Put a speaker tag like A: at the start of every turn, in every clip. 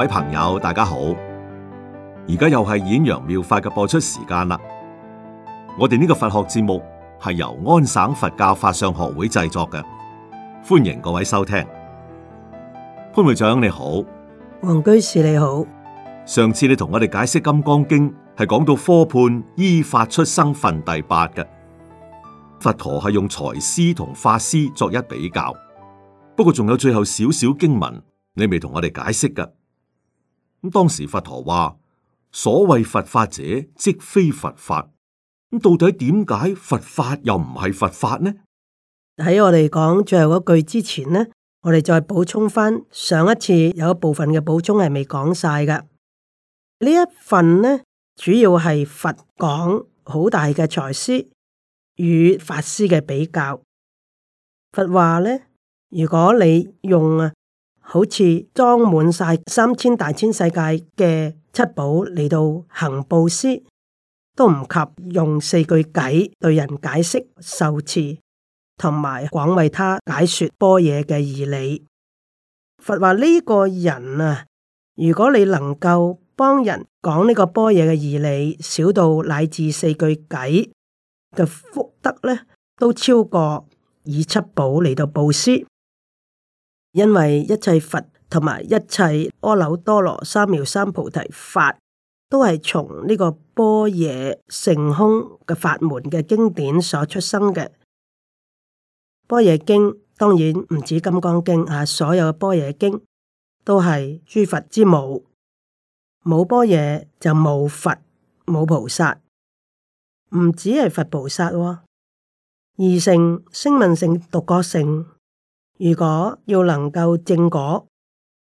A: 各位朋友，大家好！而家又係演揚妙，妙法嘅播出時間啦。我哋呢個佛學節目係由安省佛教法相學會製作嘅，歡迎各位收聽。潘會長你好，
B: 黃居士你好。
A: 上次你同我哋解釋《金剛經》，係講到科判依法出生分第八嘅，佛陀係用財施同法施作一比較。不過仲有最後少少經文，你未同我哋解釋㗎。咁當時佛陀話：所謂佛法者，即非佛法。咁到底點解佛法又唔係佛法呢？
B: 喺我哋講最後句之前呢，我哋再補充翻上一次有一部分嘅補充係未講晒嘅。呢一份呢，主要係佛講好大嘅財施與法施嘅比較。佛話呢，如果你用啊。好似裝滿晒三千大千世界嘅七寶嚟到行布施，都唔及用四句偈對人解釋受持，同埋廣為他解說般若嘅義理。佛話呢個人啊，如果你能夠幫人講呢個般若嘅義理，少到乃至四句偈嘅福德咧，都超過以七寶嚟到布施。因為一切佛同埋一切阿耨多羅三藐三菩提法，都係從呢個般若成空嘅法門嘅經典所出生嘅。般若經當然唔止金剛經啊，所有嘅般若經都係諸佛之母，冇般若就冇佛冇菩薩，唔止係佛菩薩，哦，二乘聲聞乘獨覺乘。如果要能夠證果，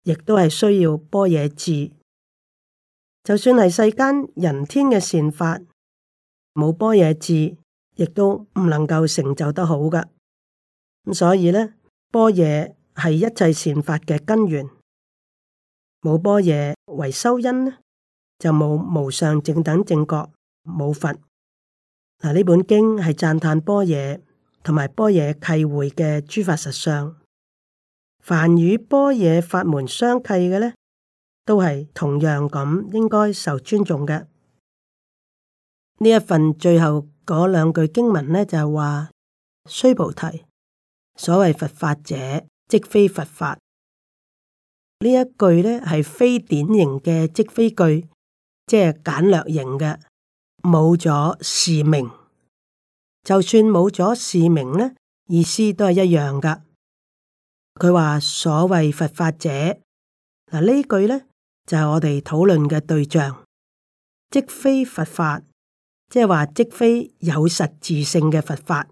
B: 亦都係需要般若智。就算係世間人天嘅善法，冇般若智，亦都唔能夠成就得好噶。所以咧，般若係一切善法嘅根源。冇般若為修因咧，就冇無，無上正等正覺，冇佛。嗱，呢本經係讚嘆般若。同埋般若契會嘅諸法實相，凡與般若法門相契嘅呢，都係同樣咁應該受尊重嘅。呢一份最後嗰兩句經文呢，就係話須菩提，所謂佛法者，即非佛法。呢一句呢，係非典型嘅即非句，即係簡略型嘅，冇咗是名。就算冇咗是名呢，意思都係一樣噶。佢話所謂佛法者，嗱呢句呢，就係、是、我哋討論嘅對象，即非佛法，即係話即非有實自性嘅佛法，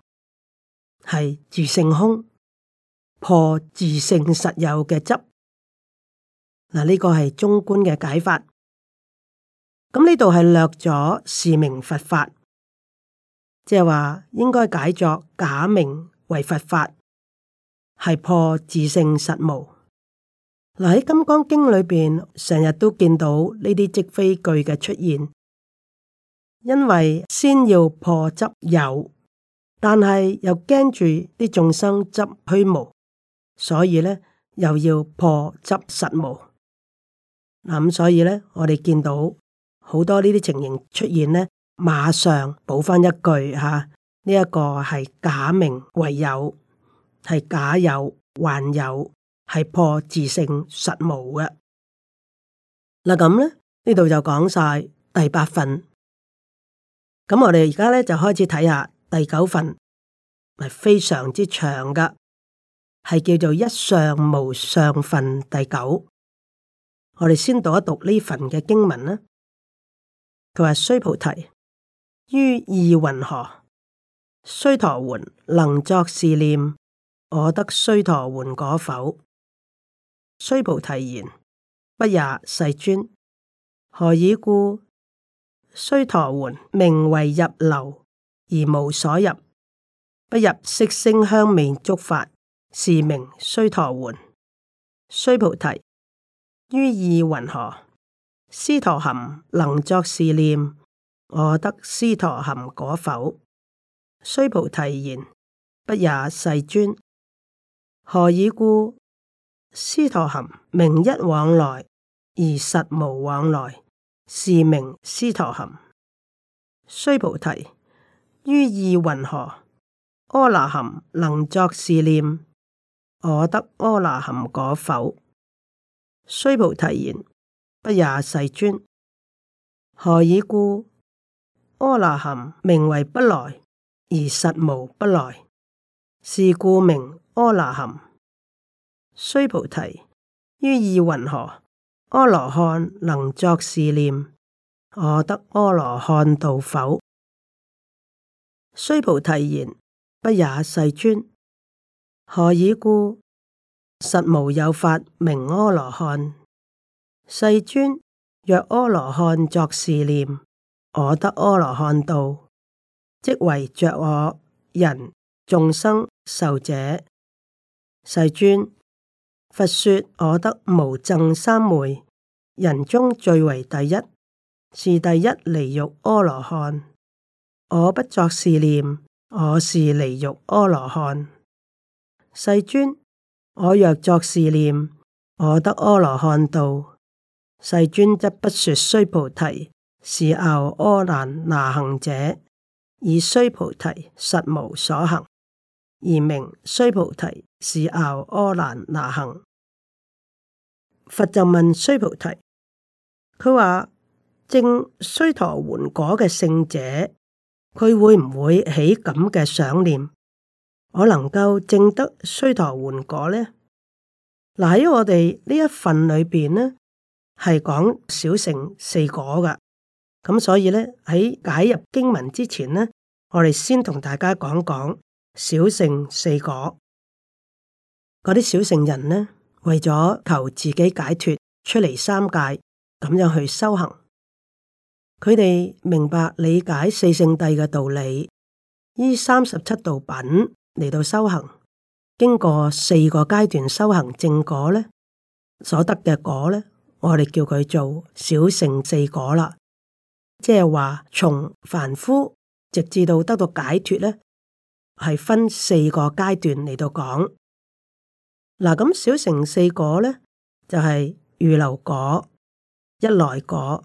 B: 係自性空破自性實有嘅執。嗱、這、呢個係中觀嘅解法。咁呢度係略咗是名佛法。即係話，應該解作假名為佛法，係破自性實無。嗱，喺金剛經裏邊，成日都見到呢啲即非句嘅出現，因為先要破執有，但係又驚住啲眾生執虛無，所以咧又要破執實無。嗱、嗯、咁，所以咧我哋見到好多呢啲情形出現咧。馬上補翻一句吓，呢一，這個係假名為有，係假有還有係破自性實無嘅。嗱咁咧，呢度就講晒第八份。咁，啊，我哋而家咧就開始睇下第九份，係非常之長噶，係叫做一上無上份第九。我哋先讀一讀呢份嘅經文啦。佢話須菩提。於意云何，須陀洹能作是念：我得須陀洹果否？須菩提言：不也，世尊。何以故？須陀洹名為入流，而無所入，不入色聲香味觸法，是名須陀洹。須菩提，於意云何，斯陀含能作是念。我得斯陀含果否？須菩提言：不也，世尊。何以故？斯陀含名一往來，而實無往來，是名斯陀含。須菩提，於意云何？阿那含能作是念：我得阿那含果否？須菩提言：不也，世尊。何以故？阿那含名為不來，而實無不來，是故名阿那含。須菩提，於意云何？阿羅漢能作是念：我得阿羅漢道否？須菩提言：不也，世尊。何以故？實無有法名阿羅漢。世尊，若阿羅漢作是念。我得阿羅漢道，即為着我人眾生壽者。世尊佛說：我得無諍三昧，人中最為第一，是第一離欲阿羅漢。我不作是念，我是離欲阿羅漢。世尊，我若作是念，我得阿羅漢道。世尊則不說須菩提。是樂阿蘭那行者以須菩提實無所行，而名須菩提是樂阿蘭那行。佛就問須菩提：佢話證須陀洹果嘅聖者，佢會唔會起咁嘅想念？我能夠證得須陀洹果呢？嗱，喺我哋呢一份裏邊呢，係講小乘四果噶。咁所以咧，喺解入經文之前咧，我哋先同大家講講小乘四果。嗰啲小乘人咧，為咗求自己解脱出嚟三界，咁樣去修行。佢哋明白理解四聖諦嘅道理，依三十七道品嚟到修行，經過四個階段修行正果咧，所得嘅果咧，我哋叫佢做小乘四果啦。即係話從凡夫直至到得到解脫咧，係分四個階段嚟到講。嗱，咁小乘四果咧，就係、是、預流果、一來果、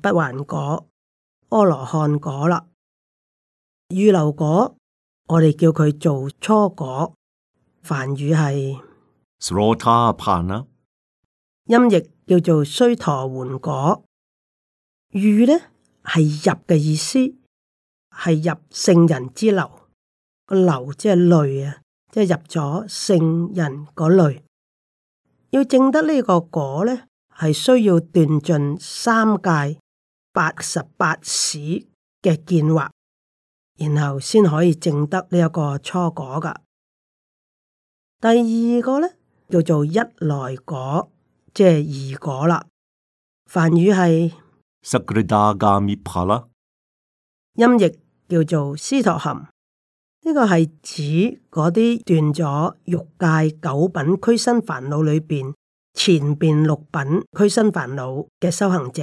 B: 不還果、阿羅漢果啦。預流果我哋叫佢做初果，梵語係
A: srotapana
B: 音譯叫做須陀洹果。預咧。係入嘅意思，係入聖人之流。個流即係類啊，即係入咗聖人嗰類。要證得呢個果呢，係需要斷盡三界八十八使嘅見惑，然後先可以證得呢一個初果㗎。第二個呢，叫做一來果，即係二果啦。梵語係。音譯叫做斯陀含，呢、這個係指嗰啲斷咗欲界九品俱生煩惱裏邊前邊六品俱生煩惱嘅修行者，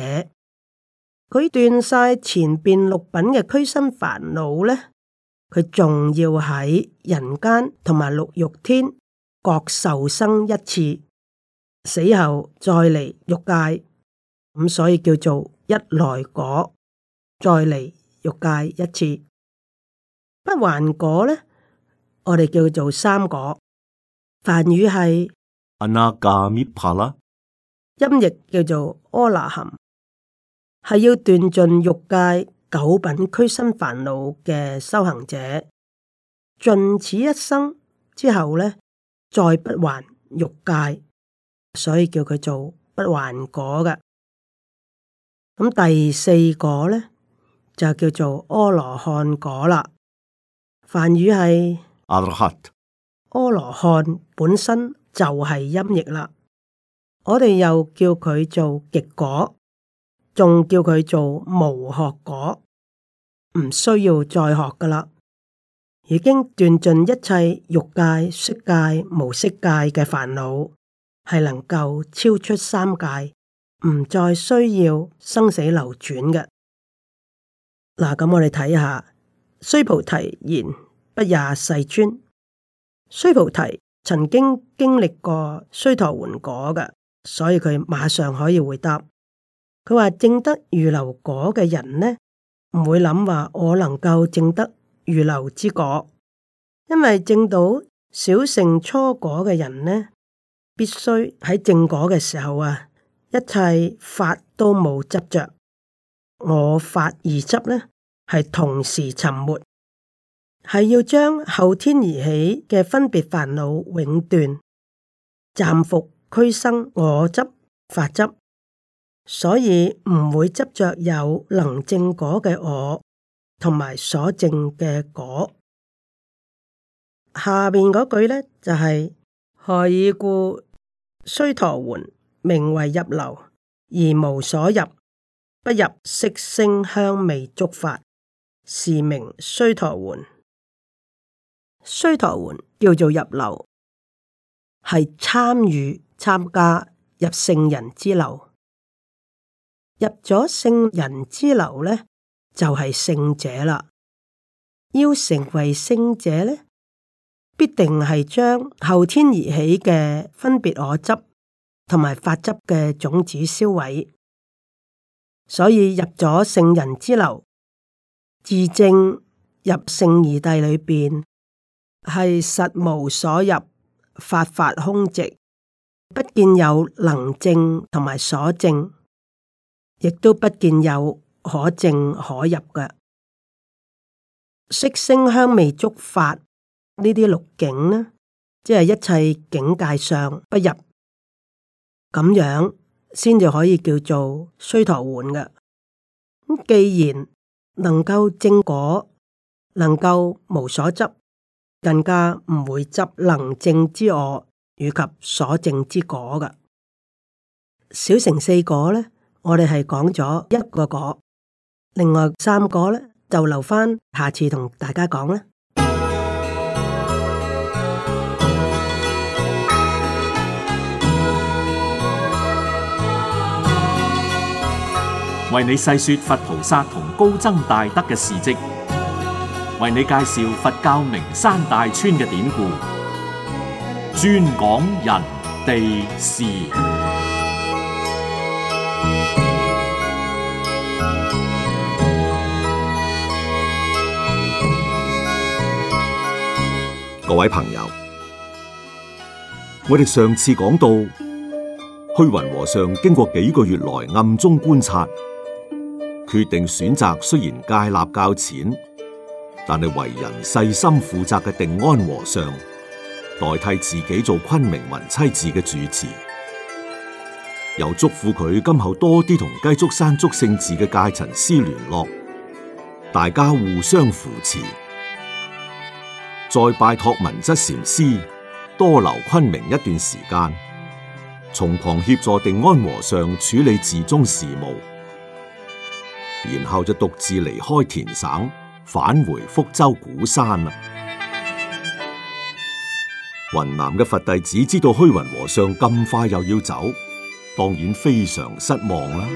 B: 佢斷晒前邊六品嘅俱生煩惱呢，佢仲要喺人間同埋六欲天各受生一次，死後再嚟欲界，咁所以叫做。一來果，再嚟欲界一次，不還果咧，我哋叫做三果。梵語係，
A: 阿那嘎咪帕啦，
B: 音譯叫做阿那含，係要斷盡欲界九品屈身煩惱嘅修行者，盡此一生之後咧，再不還欲界，所以叫佢做不還果嘅。咁第四果咧，就叫做阿羅漢果啦。梵語係
A: 阿羅漢，
B: 羅漢本身就係音譯啦。我哋又叫佢做極果，仲叫佢做無學果，唔需要再學噶啦。已經斷盡一切欲界、色界、無色界嘅煩惱，係能夠超出三界。唔再需要生死流轉嘅。嗱，咁我哋睇下須菩提言，不也，世尊。須菩提曾經經歷過須陀洹果嘅，所以佢馬上可以回答。佢話，證得入流果嘅人呢，唔會諗話我能夠證得入流之果，因為證到小乘初果嘅人呢，必須喺證果嘅時候啊。一切法都冇執着，我法而執呢，係同時沉沒，係要將後天而起嘅分別煩惱永斷，暫伏俱生我執法執，所以唔會執着有能證果嘅我同埋所證嘅果。下面嗰句呢就係何以故須陀洹。名為入流，而無所入，不入色聲香味觸法，是名須陀洹。須陀洹叫做入流，係參與參加入聖人之流。入咗聖人之流咧，就係、是、聖者啦。要成為聖者咧，必定係將後天而起嘅分別我執。同埋法執嘅種子銷毀，所以入咗聖人之流，自證入聖義諦裏邊，係實無所入，法法空寂，不見有能證同埋所證，亦都不見有可證可入嘅色聲香味觸法呢啲六境呢，即係一切境界上不入。咁樣先至可以叫做須陀洹嘅。既然能夠正果，能夠無所執，更加唔會執能正之我以及所正之果嘅。小乘四果咧，我哋係講咗一個果，另外三個咧就留翻下次同大家講啦。
A: 為你細說佛菩薩同高僧大德嘅事跡，為你介紹佛教名山大川嘅典故，專講人地事。各位朋友，我哋上次講到，虛雲和尚經過幾個月來暗中觀察。決定選擇雖然戒臘較淺，但係為人細心負責嘅定安和尚，代替自己做昆明雲棲寺嘅主持。又祝福佢今後多啲同雞足山祝聖寺嘅戒塵師聯絡，大家互相扶持。再拜託文則禪師多留昆明一段時間，從旁協助定安和尚處理寺中事務。然後就獨自離開滇省，返回福州鼓山啦。雲南嘅佛弟子知道虛雲和尚咁快又要走，當然非常失望啦。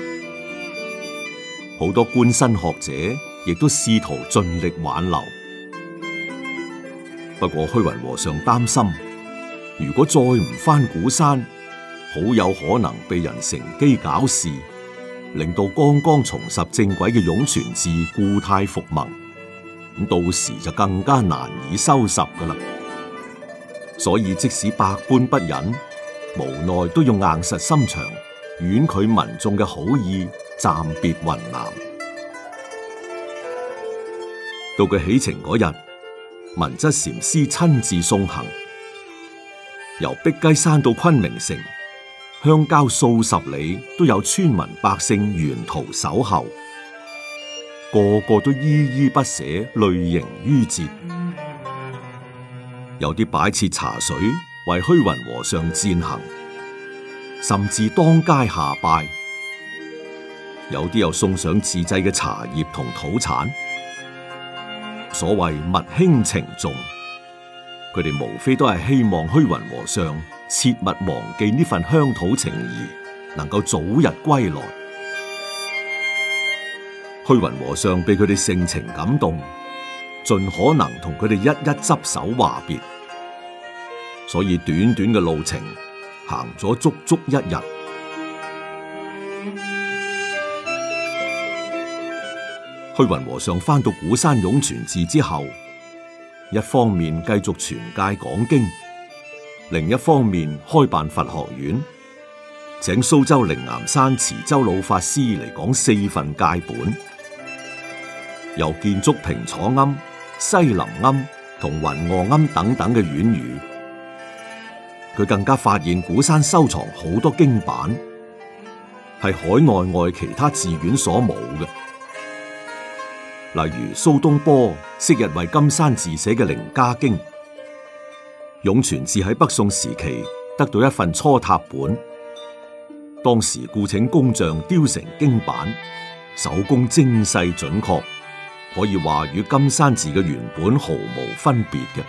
A: 好多官紳學者亦都試圖盡力挽留，不過虛雲和尚擔心，如果再唔返鼓山，好有可能被人乘機搞事。令到剛剛重拾正軌嘅涌泉寺故態復萌，咁到時就更加難以收拾噶啦。所以即使百般不忍，無奈都用硬實心腸婉拒民衆嘅好意，暫別雲南。到佢起程嗰日，文則禪師親自送行，由碧雞山到昆明城。鄉郊數十里都有村民百姓沿途守候，個個都依依不捨，淚盈於睫。有啲擺設茶水為虛雲和尚餞行，甚至當街下拜；有啲又送上自製嘅茶葉同土產。所謂物輕情重，佢哋無非都係希望虛雲和尚，切勿忘記呢份鄉土情誼，能夠早日歸來。虛雲和尚被佢哋盛情感動，盡可能同佢哋一一執手話別。所以短短嘅路程，行咗足足一日。虛雲和尚翻到鼓山湧泉寺之後，一方面繼續傳戒講經。另一方面，開辦佛學院，請蘇州靈巖山慈舟老法師嚟講四分戒本，由建築平楚庵、西林庵同雲臥庵等等嘅院語。佢更加發現古山收藏好多經版，係海內外，外其他寺院所冇嘅。例如蘇東坡昔日為金山寺寫嘅《楞伽經》。湧泉寺喺北宋時期得到一份初拓本，當時僱請工匠雕成經版，手工精細準確，可以話與金山寺嘅原本毫無分別嘅。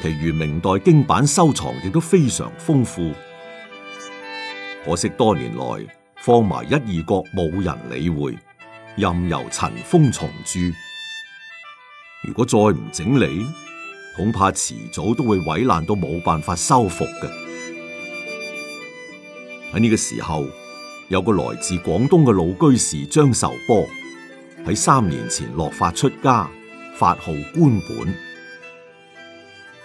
A: 其馀明代經版收藏亦都非常豐富，可惜多年來放埋一二角冇人理會，任由塵封蟲蛀。如果再唔整理，恐怕遲早都會毀爛到冇辦法修復嘅。喺呢個時候，有個來自廣東嘅老居士張壽波，喺三年前落髮出家，法號觀本。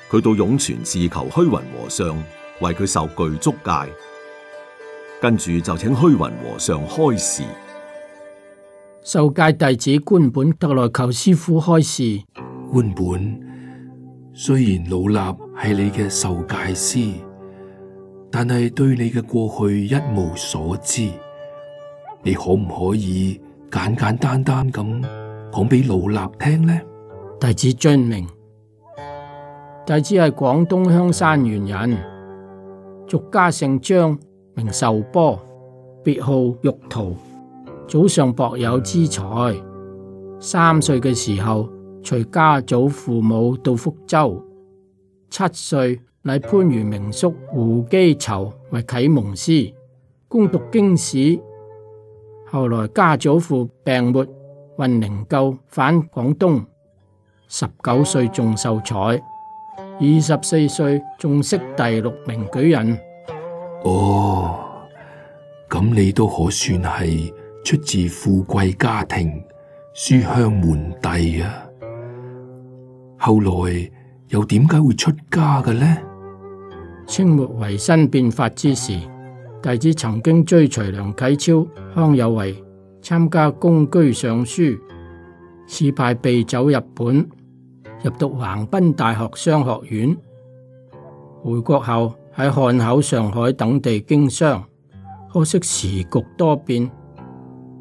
A: 佢到湧泉寺求虛雲和尚為佢受具足戒，跟住就請虛雲和尚開示。
C: 受戒弟子觀本，特來
D: 求師傅開示。
C: 觀本。雖然老衲係你嘅授戒師，但係對你嘅過去一無所知，你可唔可以簡簡單單咁講俾老衲聽呢？弟
D: 子遵命，弟子係廣東香山縣人，俗家姓張，名壽波，別號玉濤，祖上薄有資財，三歲嘅時候。隨家祖父母到福州，七歲禮番禺名宿胡基籌為啟蒙師，攻讀經史。後來家祖父病沒，運靈柩返廣東。十九歲中秀才，二十四歲中識第六名舉
C: 人。哦，咁你都可算係出自富貴家庭，書香門第啊！後來又點解會出家嘅呢？清末
D: 維新變法之時，弟子曾經追隨梁啟超、康有為參加公車上書，事敗避走日本，入讀橫濱大學商學院。回國後喺漢口、上海等地經商，可惜時局多變，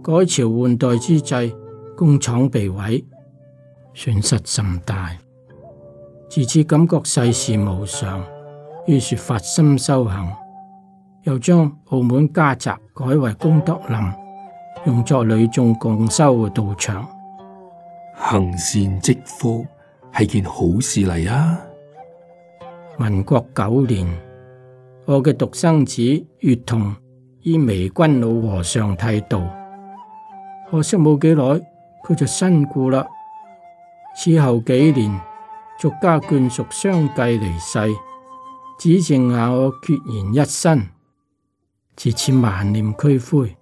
D: 改朝換代之際，工廠被毀，損失甚大。自此感覺世事無常，於是發心修行，又將澳門家宅改為功德林，用作女眾共修嘅道場。行善積福係件好事嚟啊！民國九年，我嘅獨生子月同依微君老和尚剃度，可惜冇幾耐，佢就身故啦。此後幾年，俗家眷屬相繼離世，只剩下我孑然一身，自此萬念俱灰。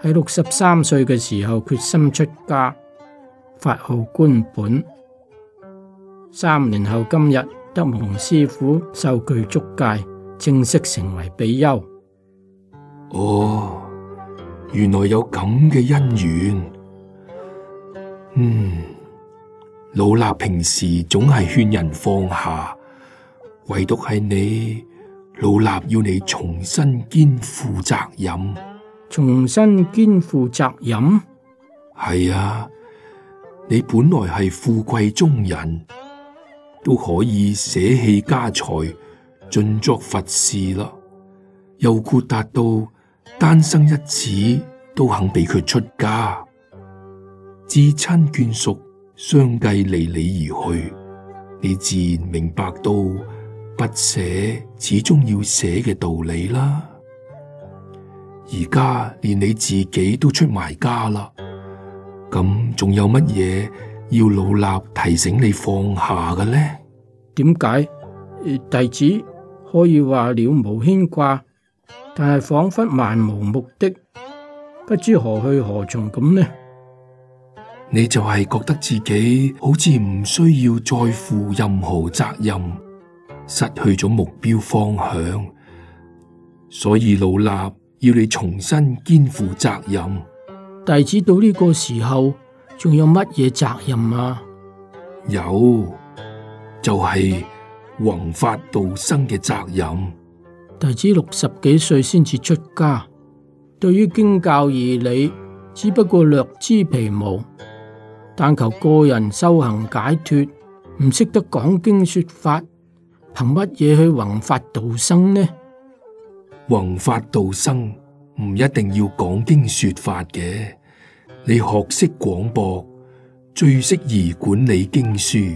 D: 喺六十三歲嘅時候決心出家，法號觀本。三年後今日得蒙師父受具足戒，正式成為比丘。
C: 哦，原來有咁嘅姻緣，嗯。老衲平時總係勸人放下，唯獨係你。老衲要你重新肩負責任？重
D: 新肩
C: 負責任。係啊，你本來係富貴中人，都可以捨棄家財，盡作佛事啦，又豁達到單生一子都肯俾佢出家，至親眷屬相繼離你而去，你自然明白到，不捨，始終要捨的道理啦。而家，連你自己都出埋家啦。咁，仲有乜嘢要老衲提醒你放下㗎呢？點解？弟子，可以話
D: 了無牽掛，但係仿佛漫無目的，不知何
C: 去何從咁呢？你就係覺得自己好似唔需要再負任何責任，失去咗目標方向，所以老衲要你重新肩負責任。
D: 弟子到呢個時候仲有乜嘢責任啊？
C: 有就係、是、弘法度生嘅責任。
D: 弟子六十幾歲先至出家，對於經教而理只不過略知皮毛。但求個人修行解
C: 脱，唔識得講經說法，憑乜嘢去弘法度生呢？弘法度生唔一定要講經說法嘅，你學識廣博，最適宜管理經書。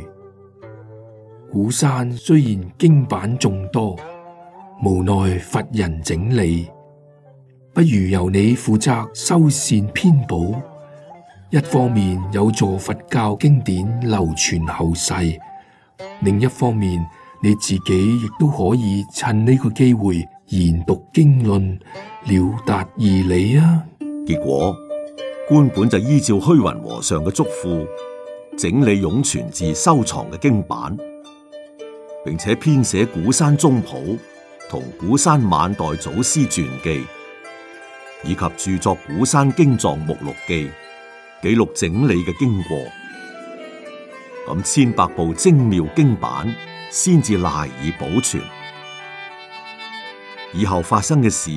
C: 古山雖然經版眾多，無奈乏人整理，不如由你負責修繕編補。一方面有助佛教經典流傳後世，另一方面你自己亦都可以趁呢個
A: 機會研讀經論，了達義理啊！結果觀本就依照虛雲和尚嘅囑咐，整理湧泉寺收藏嘅經版，並且編寫鼓山宗譜同鼓山晚代祖師傳記，以及著作鼓山經藏目錄記。記錄整理嘅經過，咁千百部精妙經版先至賴以保存。以後發生嘅事，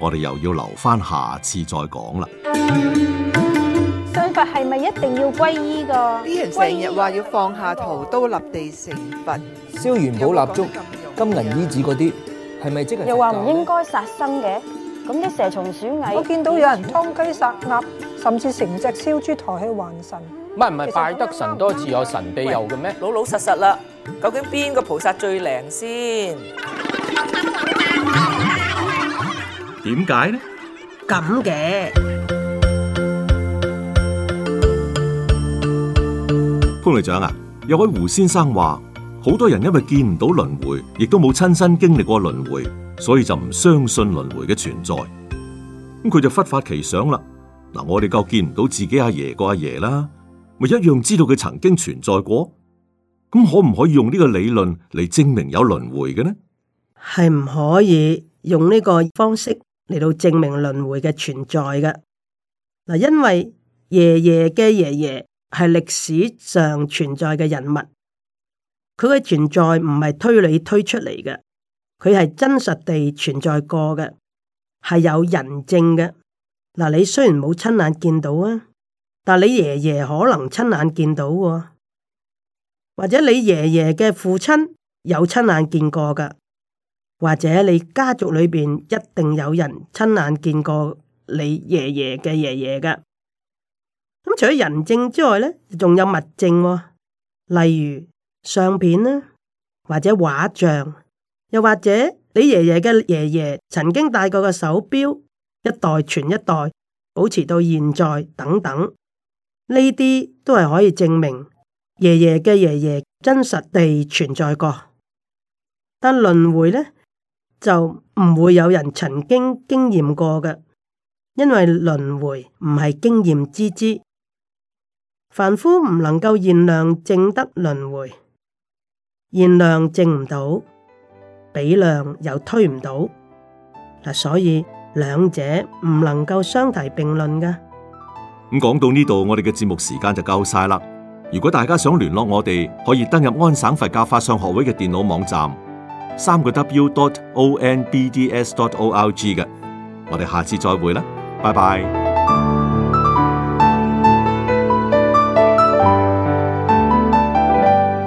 A: 我哋又要留翻下，下次再講啦。
C: 信佛係咪一定要皈依噶？啲人成日話要放下屠刀立地成佛，燒元寶蠟燭、金銀衣紙嗰啲，係咪、嗯、即係？又話唔
D: 應
B: 該殺生嘅，咁啲蛇蟲鼠蟻，我見到有人殺雞殺鴨。甚至成隻燒豬抬去還神，
D: 唔係，唔係拜得神多自有神庇佑嘅咩？老老實實啦，究竟邊個菩薩最靈先？
A: 點解呢？
B: 咁嘅
A: 潘隊長啊，有位胡先生話，好多人因為見唔到輪回，亦都冇親身經歷過輪回，所以就唔相信輪回嘅存在。咁佢就忽發奇想啦。嗱、嗯，我哋夠見唔到自己阿爺個阿爺啦，咪一樣知道佢曾經存在過？咁可唔可以用呢個理論嚟證明有輪回嘅呢？係唔
B: 可以用呢個方式嚟到證明輪回嘅存在嘅？嗱，因為爺爺嘅爺爺係歷史上存在嘅人物，佢嘅存在唔係推理推出嚟嘅，佢係真實地存在過嘅，係有人證嘅。嗱，你雖然冇親眼見到啊，但你爺爺可能親眼見到，或者你爺爺嘅父親有親眼見過噶，或者你家族裏邊一定有人親眼見過你爺爺嘅爺爺噶。咁、嗯、除咗人證之外咧，仲有物證、啊，例如相片啦、啊，或者畫像，又或者你爺爺嘅爺爺曾經戴過嘅手錶。一代傳一代，保持到現在等等，呢啲都係可以證明爺爺嘅爺爺真實地存在過。但輪迴呢，就唔會有人曾經經驗過嘅，因為輪迴唔係經驗之之。凡夫唔能夠現量證得輪迴，現量證唔到，比量又推唔到嗱，所以。兩者唔能夠相提並論
A: 嘅。咁講到呢度，我哋嘅節目時間就夠晒啦。如果大家想聯絡我哋，可以登入安省佛教法相學會嘅電腦網站，三個 W dot O N B D S dot O R G 嘅。我哋下次再會啦，拜拜。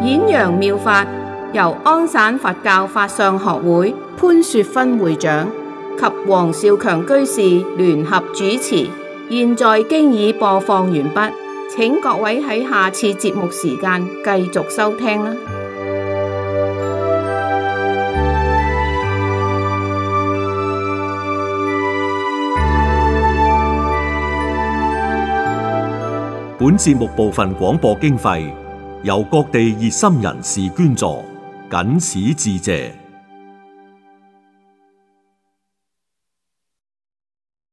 D: 演揚妙法，由安省佛教法相學會潘雪芬會長及黃少強居士聯合主持，現在經已播放完畢，請各位喺下次節目時間繼續收聽啦。
A: 本節目部分廣播經費由各地熱心人士捐助，謹此致謝。